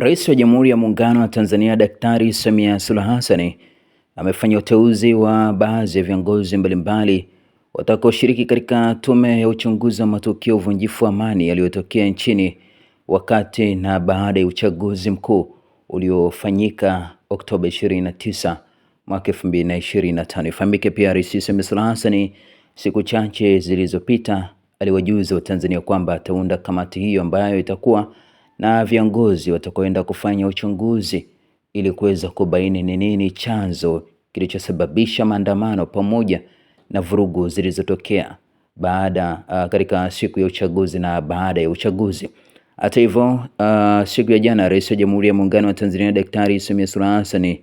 Rais wa Jamhuri ya Muungano wa Tanzania Daktari Samia Suluhu Hassan amefanya uteuzi wa baadhi ya viongozi mbalimbali watakaoshiriki katika tume ya uchunguzi wa matukio uvunjifu wa amani yaliyotokea nchini wakati na baada ya uchaguzi mkuu uliofanyika Oktoba 29 mwaka 2025. Ifahamike pia Rais Samia Suluhu Hassan siku chache zilizopita aliwajuza Watanzania kwamba ataunda kamati hiyo ambayo itakuwa na viongozi watakaoenda kufanya uchunguzi ili kuweza kubaini ni nini chanzo kilichosababisha maandamano pamoja na vurugu zilizotokea baada uh, katika siku ya uchaguzi na baada ya uchaguzi. Hata hivyo, uh, siku ya jana Rais wa Jamhuri ya Muungano wa Tanzania Daktari Samia Suluhu Hassan,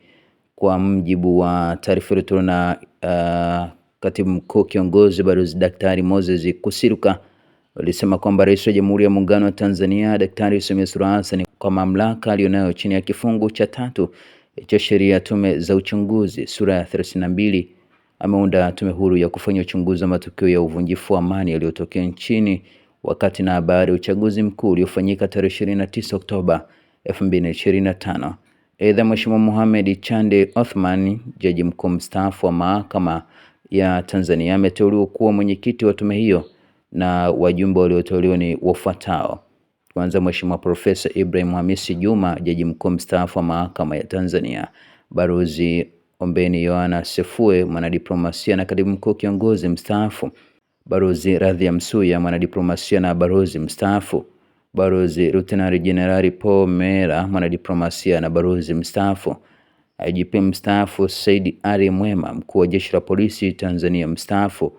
kwa mjibu wa taarifa iliyotolewa na uh, Katibu Mkuu Kiongozi Balozi Daktari Moses kusiruka walisema kwamba Rais wa Jamhuri ya Muungano wa Tanzania Daktari Samia Suluhu Hassan kwa mamlaka aliyonayo chini ya kifungu cha tatu cha sheria ya tume za uchunguzi sura ya 32 ameunda tume huru ya kufanya uchunguzi wa matukio ya uvunjifu wa amani yaliyotokea nchini wakati na baada ya uchaguzi mkuu uliofanyika tarehe 29 Oktoba 2025. Aidha, Mheshimiwa Mohamed Chande Othman, jaji mkuu mstaafu wa mahakama ya Tanzania, ameteuliwa kuwa mwenyekiti wa tume hiyo na wajumbe walioteuliwa ni wafuatao. Kwanza, Mheshimiwa Profesa Ibrahim Hamisi Juma, jaji mkuu mstaafu wa mahakama ya Tanzania; Barozi Ombeni Yohana Sefue, mwanadiplomasia na katibu mkuu kiongozi mstaafu; Barozi Radhia Msuya, mwanadiplomasia na barozi mstaafu; Barozi Lutenari Jenerali Paul Mera, mwanadiplomasia na barozi mstaafu; IGP mstaafu Said Ali Mwema, mkuu wa jeshi la polisi Tanzania mstaafu.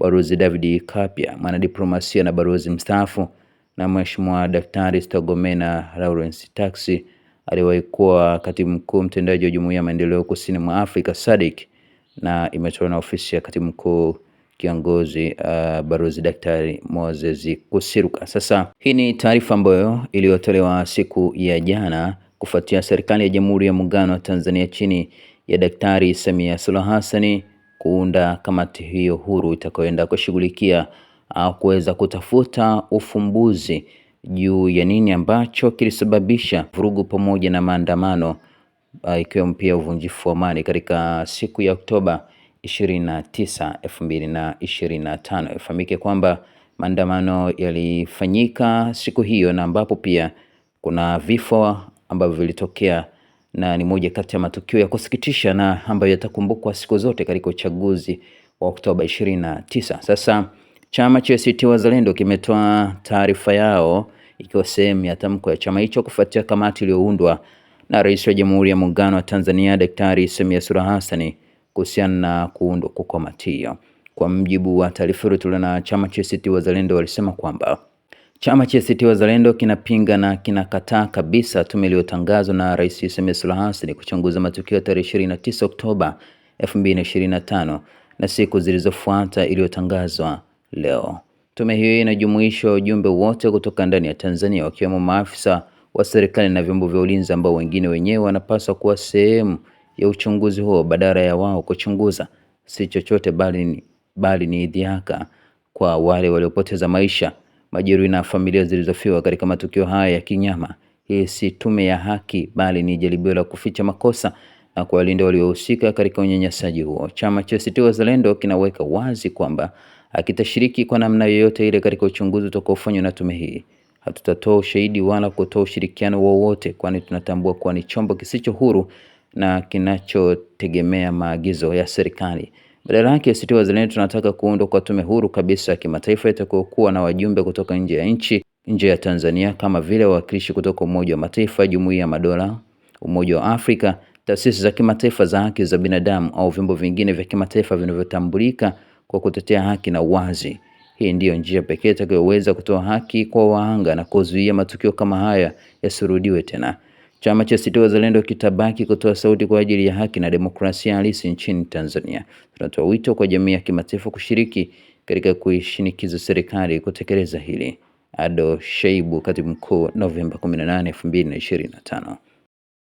Balozi David Kapia, mwanadiplomasia na balozi mstaafu, na Mheshimiwa Daktari stogomena Lawrence Tax, aliwahi kuwa katibu mkuu mtendaji wa Jumuiya ya Maendeleo Kusini mwa Afrika SADC, na imetolewa na ofisi ya katibu mkuu kiongozi uh, balozi Daktari Moses Kusiruka. Sasa hii ni taarifa ambayo iliyotolewa siku ya jana kufuatia serikali ya Jamhuri ya Muungano wa Tanzania chini ya Daktari Samia Suluhu Hassan kuunda kamati hiyo huru itakayoenda kushughulikia ah, kuweza kutafuta ufumbuzi juu ya nini ambacho kilisababisha vurugu pamoja na maandamano ah, ikiwemo pia uvunjifu wa amani katika siku ya Oktoba 29, 2025. Ifahamike kwamba maandamano yalifanyika siku hiyo na ambapo pia kuna vifo ambavyo vilitokea na ni moja kati ya matukio ya kusikitisha na ambayo yatakumbukwa siku zote katika uchaguzi wa Oktoba 29. Sasa chama cha ACT Wazalendo kimetoa taarifa yao ikiwa sehemu ya tamko ya chama hicho kufuatia kamati iliyoundwa na Rais wa Jamhuri ya Muungano wa Tanzania Daktari Samia Suluhu Hassan kuhusiana na kuundwa kwa kamati hiyo. Kwa mjibu wa taarifa tulio na chama cha ACT Wazalendo, walisema kwamba Chama cha ACT Wazalendo kinapinga na kinakataa kabisa tume iliyotangazwa na Rais Samia Suluhu Hassan kuchunguza matukio ya tarehe 29 Oktoba 2025 na siku zilizofuata iliyotangazwa leo. Tume hiyo inajumuisha wajumbe wote kutoka ndani ya Tanzania wakiwemo maafisa wa serikali na vyombo vya ulinzi ambao wengine wenyewe wanapaswa kuwa sehemu ya uchunguzi huo badala ya wao kuchunguza si chochote bali, bali ni idhiaka kwa wale waliopoteza maisha majeruhi na familia zilizofiwa katika matukio haya ya kinyama. Hii si tume ya haki, bali ni jaribio la kuficha makosa na kuwalinda waliohusika katika unyanyasaji huo. Chama cha ACT Wazalendo kinaweka wazi kwamba akitashiriki kwa namna yoyote ile katika uchunguzi utakaofanywa na tume hii, hatutatoa ushahidi wala kutoa ushirikiano wowote, kwani tunatambua kuwa ni chombo kisicho huru na kinachotegemea maagizo ya serikali. Badala yake ACT Wazalendo tunataka kuundwa kwa tume huru kabisa ya kimataifa itakayokuwa na wajumbe kutoka nje ya nchi, nje ya Tanzania kama vile wawakilishi kutoka Umoja wa Mataifa, Jumuiya ya Madola, Umoja wa Afrika, taasisi za kimataifa za haki za binadamu au vyombo vingine vya kimataifa vinavyotambulika kwa kutetea haki na uwazi. Hii ndiyo njia pekee itakayoweza kutoa haki kwa wahanga na kuzuia matukio kama haya yasirudiwe tena. Chama cha ACT Wazalendo kitabaki kutoa sauti kwa ajili ya haki na demokrasia halisi nchini Tanzania. Tunatoa wito kwa jamii ya kimataifa kushiriki katika kuishinikiza serikali kutekeleza hili. Ado sheibu katibu mkuu, Novemba 18, 2025.